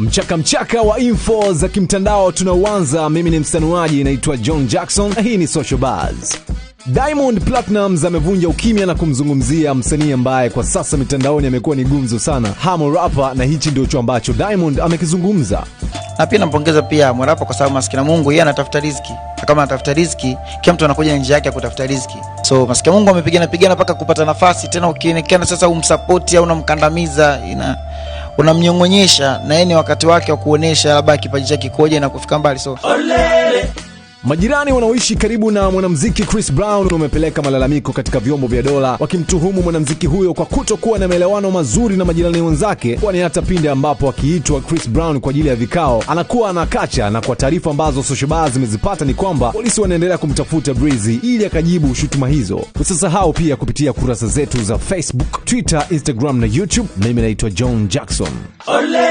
Mchaka mchaka wa info za kimtandao tunauanza. Mimi ni msanuaji naitwa John Jackson na hii ni Social Buzz. Diamond Platnumz amevunja ukimya na kumzungumzia msanii ambaye kwa sasa mitandaoni amekuwa ni gumzo sana, Harmony Rapa, na hichi ndicho ambacho Diamond amekizungumza na pia nampongeza pia Harmony Rapa kwa sababu maskini Mungu yeye anatafuta riziki, na kama anatafuta riziki, kila mtu anakuja njia yake ya kutafuta riziki. So maskini Mungu amepigana pigana mpaka kupata nafasi tena, ukionekana sasa umsapoti au unamkandamiza ina unamnyong'onyesha, na yeye ni wakati wake wa kuonesha labda kipaji chake kikoje na kufika mbali so Majirani wanaoishi karibu na mwanamuziki Chris Brown wamepeleka malalamiko katika vyombo vya dola wakimtuhumu mwanamuziki huyo kwa kutokuwa na maelewano mazuri na majirani wenzake, kwani hata pindi ambapo akiitwa Chris Brown kwa ajili ya vikao anakuwa anakacha. Na kwa taarifa ambazo Socialbuzz zimezipata ni kwamba polisi wanaendelea kumtafuta Breezy ili akajibu shutuma hizo. Usisahau pia kupitia kurasa zetu za Facebook, Twitter, Instagram na YouTube. Na mimi naitwa John Jackson Ole!